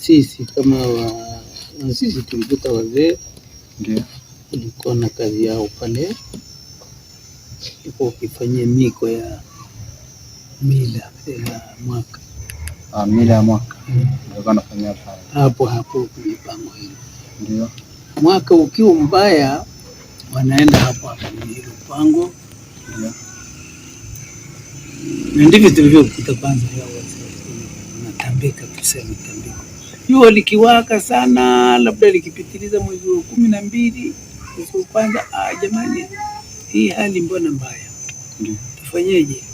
sisi kama wa, sisi tulikuta wazee ndio ilikuwa na kazi yao pale, ilikuwa ukifanyia miko ya mila ya mwaka ah, mila ya mwaka hmm. hapo hapo pango hilo ndio mwaka ukiwa mbaya wanaenda hapo hapo kwenye hilo pango, na ndivyo tulivyokuta kwanza, natambika tuseme tambika jua likiwaka sana, labda likipitiliza mwezi wa kumi na mbili mwezi wa kwanza, ah, jamani, hii hali mbona mbaya, tufanyeje?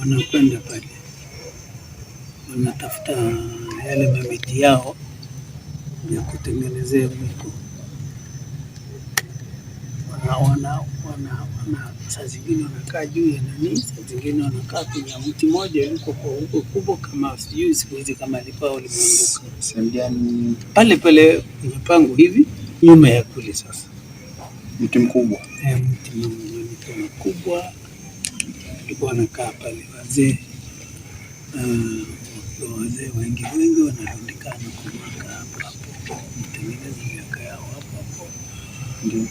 Wanakwenda pale wanatafuta yale mabiti yao ya kutengenezea mwiko wana saa zingine wanakaa juu ya nani, saa zingine wanakaa kwenye mti moja yuko kwa huko kubwa, kama sijui siku hizi kama alikuwa limeanguka pale pale kwenye pango hivi nyuma ya kule. Sasa mti mkubwa eh, mti mkubwa alikuwa anakaa pale, wazee uh, wazee wengi wengi wanarundikana kwa hapo hapo, mtengeneza miaka yao hapo hapo ndio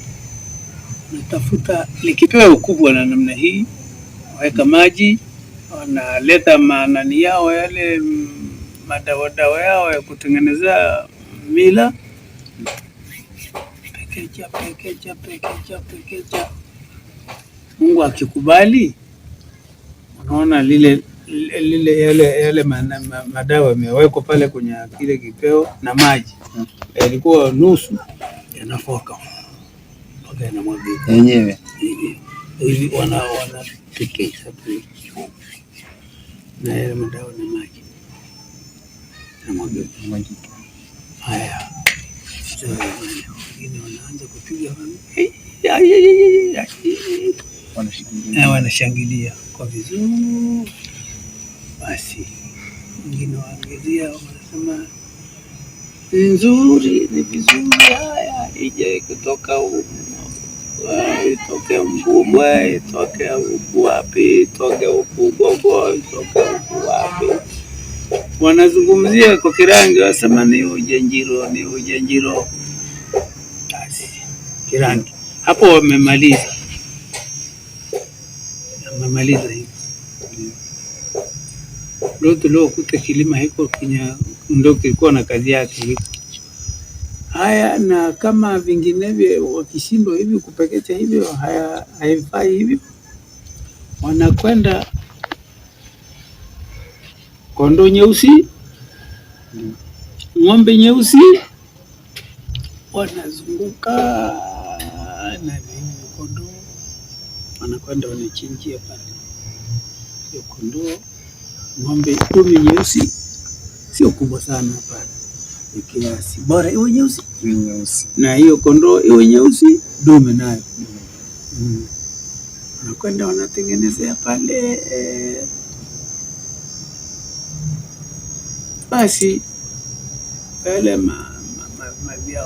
natafuta likipewa ukubwa na namna hii, waweka maji, wanaleta manani yao yale mm, madawadawa yao ya kutengenezea mila, pekeja pekeja pekeja pekeja. Mungu akikubali, unaona lile lile yale yale madawa yamewekwa pale kwenye kile kipeo na maji yalikuwa nusu yanafoka mafuta yanamwagika yenyewe hivi, wana wanatekesa na yale madawa na maji yanamwagika. Haya, wengine wanaanza kupiga, wanashangilia kwa vizuri. Basi wengine waangezia, wanasema nzuri, ni vizuri. Haya, ije kutoka huko itoke Mbubwe, itoke huku wapi, itoke huku itoke huku wapi. Wanazungumzia kwa Kirangi, wasema ni ujenjiro, ni ujenjiro. Basi Kirangi hapo wamemaliza, wamemaliza hivo ndo tuliokuta kilima hiko kinya ndo kilikuwa na kazi yake hiko haya, na kama vinginevyo wakishindwa hivi kupekecha hivyo haifai hivyo, wanakwenda kondoo nyeusi, ng'ombe nyeusi, wanazunguka na kondoo, wanakwenda wanachinjia pale hiyo kondoo, ng'ombe kumi nyeusi, sio kubwa sana pale kiasi bora iwe nyeusi nyeusi, na hiyo kondoo iwe nyeusi, dume nayo mm. Wanakwenda wanatengenezea pale e... basi yale mavyao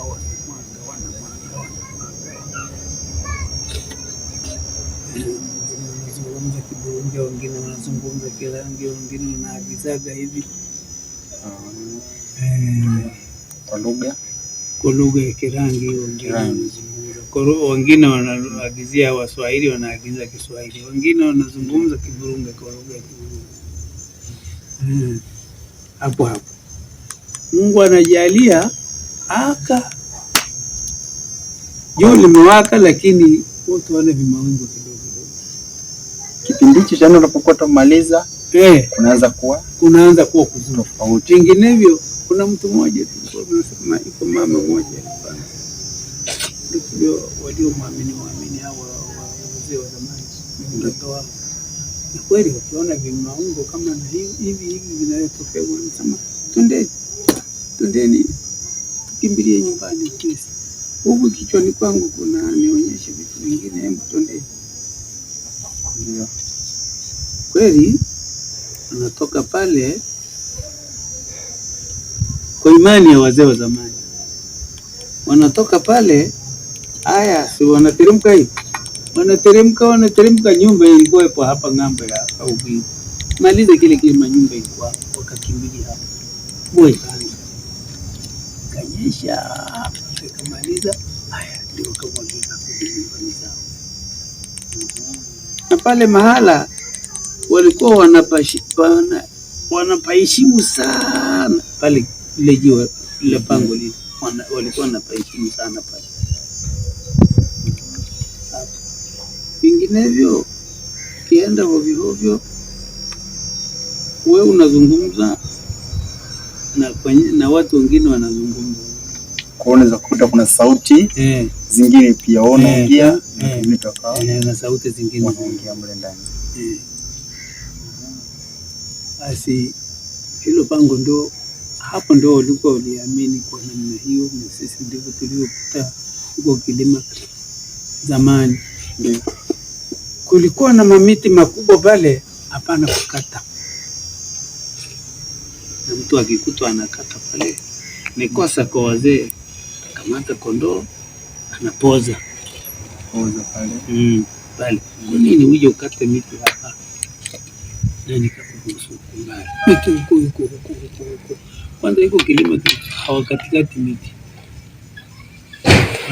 eh, wanazungumza Kiburunja, wengine wanazungumza Kirangi, wengine wanaagizaga hivi ah. eh kwa lugha kwa lugha ya Kirangi, wengine wanaagizia Waswahili, wanaagiza Kiswahili, wengine wanazungumza Kiburunge kwa lugha ya Kiburunge. Hmm. Hapo hapo Mungu anajalia aka jua limewaka, lakini wote wale vimawingu kidogo kidogo. Kipindi hicho cha unapokuwa tumaliza, eh, kunaanza kuwa kunaanza kuwa kuzuri tofauti, vinginevyo kuna mtu mmoja tunasema, iko mama moja waliomwamini waamini hao wazee wa zamani wao, na kweli wakiona vimaungo kama na hivi hivi vinavyotokea, wanasema twendeni, twendeni tukimbilie nyumbani Kristo. Huku kichwani kwangu kuna nionyeshe vitu vingine, hebu twendeni. Kweli anatoka pale kwa imani ya wazee wa zamani. Wanatoka pale, haya si wanateremka hii, wanateremka wanateremka, nyumba ilikuwa ipo hapa ng'ambo ya Kaubi, maliza kile kile manyumba ilikuwa wakakimbilia hapo, mvua ikaanza, kanyesha ikamaliza, haya ndio kamwagika na pale mahala walikuwa wanapaheshimu sana pale lile jiwe lile pango lile walikuwa napaheshimu sana pale. Vinginevyo kienda hovyohovyo, we unazungumza na, kwenye, na watu wengine wanazungumza, unaweza kukuta kuna sauti eh, zingine pia wanaingia eh, eh, na sauti zingine wanaingia mle ndani eh. basi eh. Hilo pango ndio hapo ndo ulikuwa uliamini kwa namna hiyo, na sisi ndivyo tulivyokuta huko kilima zamani. kulikuwa na mamiti makubwa pale, hapana kukata, na mtu akikutwa anakata pale ni kosa kwa wazee. Kamata kondoo anapoza poza pale mm, pale kwa nini uje ukate miti hapa? Nani kakuruhusu? Miti huko huko huko huko kwanza iko kilima hawakatikati miti miti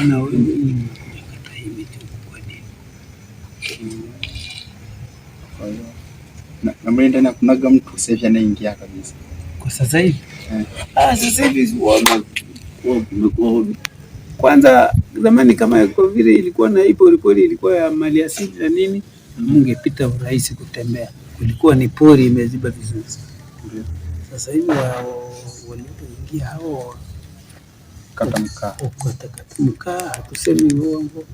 Na mimi ndani kunaga mtu sasa hivi anaingia kabisa kwa sasa hivi yeah. Ah, sasa hivi kwanza, zamani kama kwa vile ilikuwa na ipo ripori ilikuwa ya mali asili na nini, mungepita urahisi kutembea, kulikuwa ni pori imeziba vizuri. Sasa hivi pia hao kata mkaa, mkaa tuseme uongo,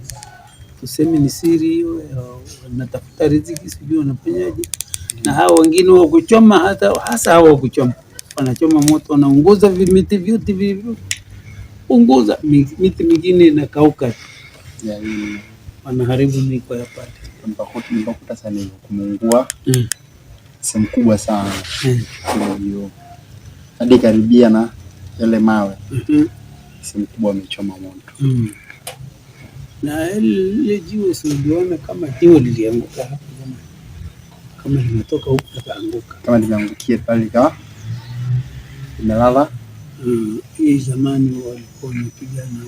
tuseme ni siri hiyo, wanatafuta riziki, sijui wanafanyaje. Na hao wengine wa kuchoma, hata hasa hao wa kuchoma, wanachoma moto, wanaunguza vimiti vyote vilivyo unguza, miti mingine inakauka, wanaharibu miko ya pale. Nipakuta sana kumeungua mm. sehemu kubwa sana, ndio mm. hadi karibia na yale mawe mm -hmm. Si mkubwa amechoma moto mm. Na ile jiwe siliona kama hiyo lilianguka kama limetoka huko likaanguka, kama limeangukia pale imelala limelala mm. zamani walikuwa na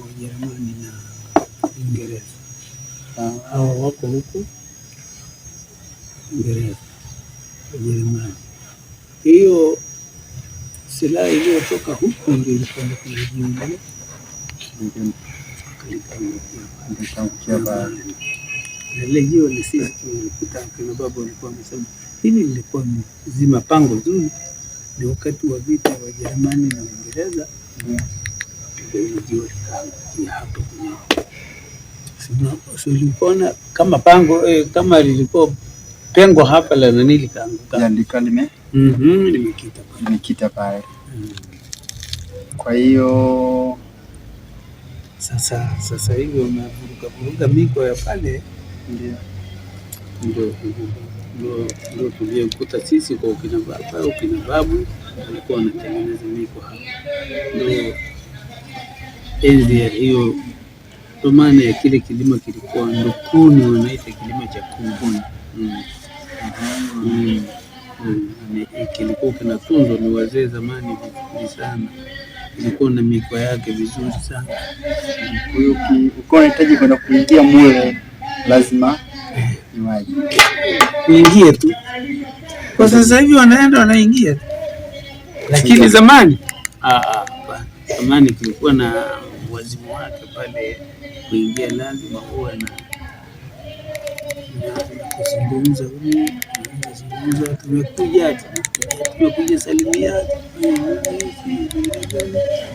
Wajerumani na Uingereza, ah. hawa wako huko Uingereza, Wajerumani hiyo silaha iliyotoka huku ndio ilikwenda kujiundia ile jiwe ni sisi tulikuta kina baba walikuwa wamesema hili lilikuwa ni zima pango zuri, ni wakati wa vita wa Jerumani na Uingereza hapo. kama pango eh, kama lilikuwa pengo hapa la nani likaanguka, lime mhm, limekita limekita pale. mm. Kwa hiyo sasa sasa hivi umevuruga vuruga miko ya pale, ndio ndio ndio tuliyekuta sisi kwa ukina baba ukina babu walikuwa wanatengeneza miko hapa, ndio enzi ya hiyo ndio maana ya kile kilima kilikuwa ndukuni, wanaita kilima cha kunguni mm. mm. mm. mm. Eh, kilikuwa kinatunzwa ni wazee zamani vizuri sana, ilikuwa na mikoa yake vizuri sana. Kwa hiyo ukiwa unahitaji kwenda kuingia mule, lazima kuingie tu. Kwa sasa hivi wanaenda wanaingia, lakini zamani, ah, ah, zamani kilikuwa na wazimu wake pale kuingia lazima uwe na kuzungumza zungumza, tumekuja tumekuja salimia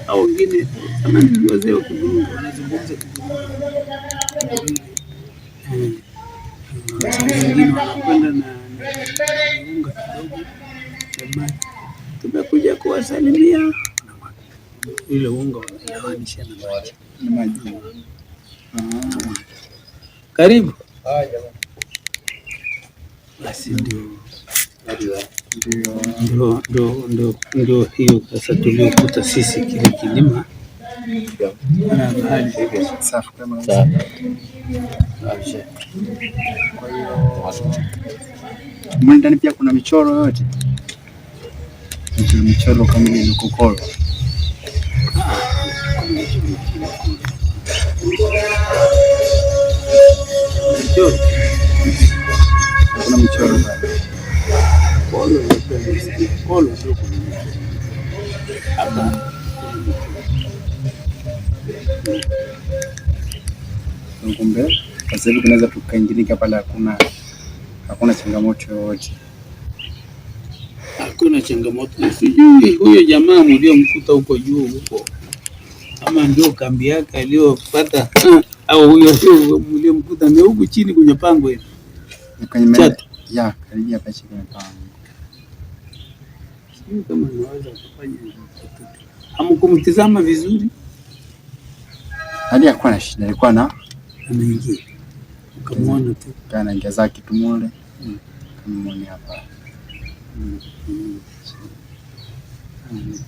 au wengine kama ni wazee wa kuzungumza wanazungumza eh, wengine wanakwenda na unga kidogo jamani, tumekuja kuwasalimia ile unga wanalawanisha na maji na maji Ah. Karibu. Basi ndio ndio hiyo sasa tuliokuta sisi kile kilima ndani pia kuna michoro yote, michoro kamili ni kokoro ah, sasa hivi tunaweza tukaingilika pale, hakuna hakuna changamoto yoyote, hakuna changamoto. Sijui huyo jamaa mliomkuta huko juu huko, ama ndio kambi yake aliyopata, au huyo mliomkuta ndio huku chini kwenye pango hili hivi ya karibia pesa kwenye pango kama naweza kufanya hamkumtizama vizuri, hadi hakuwa na shida, alikuwa na ameingia Kamuona tu. Kana ngeza kitu mole. Mm. Kamuona hapa. Mm. Mm.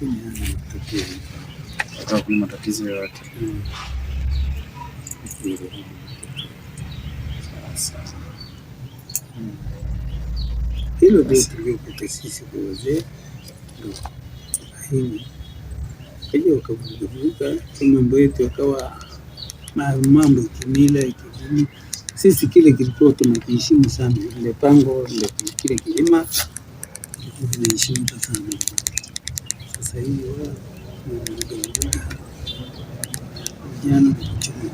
mm. Hata kuna matatizo yote. Mm. Mm. Hilo ndio tuliokuta sisi kwa wazee. Ndio. Kaja wakavurugavuruga mambo yetu yakawa mambo ikimila ikijini sisi kile kilikuwa tunakiheshimu sana, ile pango ile kile kilima kilikuwa sana. Sasa hii vijana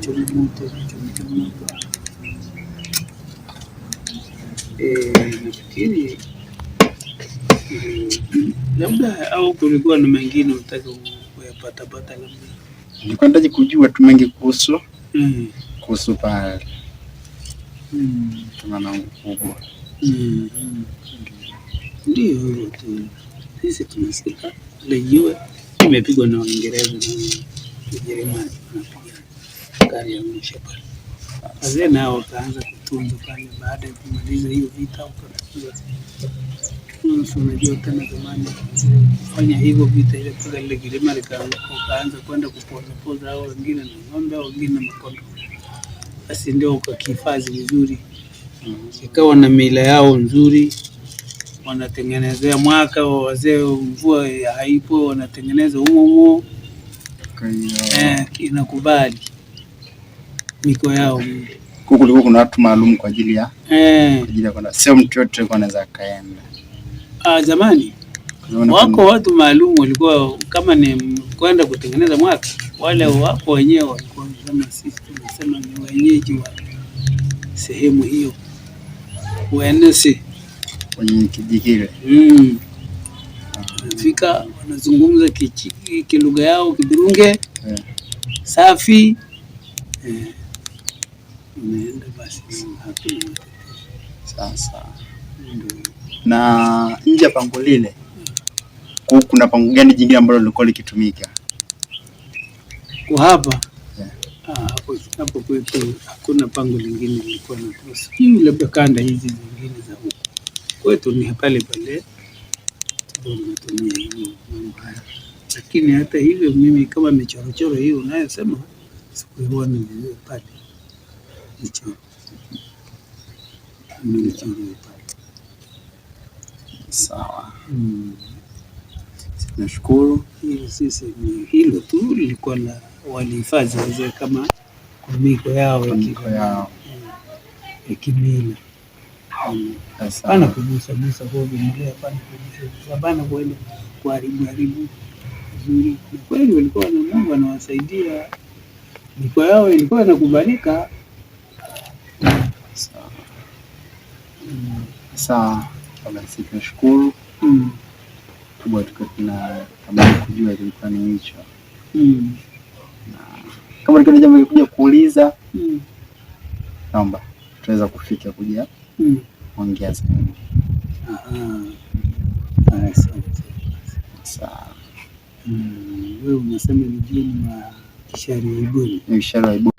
choma choma moto, choma choma moto. E, nafikiri labda au kulikuwa na mengine labda nilikuwa nataka kujua tu mengi kuhusu hmm. kuhusu pale nangu kubwa ndio hivyo tu. Sisi tunasikia lejiwe imepigwa na Waingereza na Ujerumani, wanapiga gari ya mwisho pale. Wazee nao wakaanza kutunza pale, baada ya kumaliza hiyo vita wakatakiwa unajua tena zamani kufanya hivyo vita ile, paka lile kilima likaanza kwenda kupozapoza hao wengine na ng'ombe, wengine na makondo basi ndio ukakihifadhi vizuri, ikawa na mila yao nzuri, wanatengenezea mwaka wa wazee, mvua haipo wanatengeneza huo huo eh, inakubali miko yao huko. Kulikuwa kuna watu maalum kwa ajili ya eh, ajili ya kwenda, sio mtu yote anaweza akaenda. Ah, zamani wako watu maalum walikuwa kama ni kwenda kutengeneza mwaka wale wapo wenyewe walikuwa kama sisi tunasema ni wenyeji wa sehemu hiyo wenesi kwenye kijikile mm. fika wanazungumza kilugha yao Kidurunge yeah. Safi eh. basi Sasa Na nje ya pango lile Kuna pango gani jingine ambalo lilikuwa likitumika? Kwa hapa ah, hapo kwetu hakuna pango lingine lilikuwa na sijui, hmm, labda kanda hizi zingine za huko kwetu ni pale pale tunatumia hiyo mambo haya. Lakini hata hivyo, mimi kama michorochoro hiyo unayosema sikuiona vizuri pale michoro michoro pale. Sawa, hmm. nashukuru. Hilo sisi ni hilo tu lilikuwa la walihifadhi wazee kama kumiko yao ya kimila pana kugusagusa hovyo pana kuenda kuharibu haribu vizuri. Na kweli walikuwa na Mungu anawasaidia, miko yao ilikuwa inakubalika. Sawa, basi tunashukuru mm. kubwa, tukakuna habari kujua ilikuwa ni hicho. Mm kama nikiona jambo kuja kuuliza mm. naomba tunaweza kufika kuja mm. ongea zaidi. Hmm. Wewe unasema mjini na kishari ibuni. Ni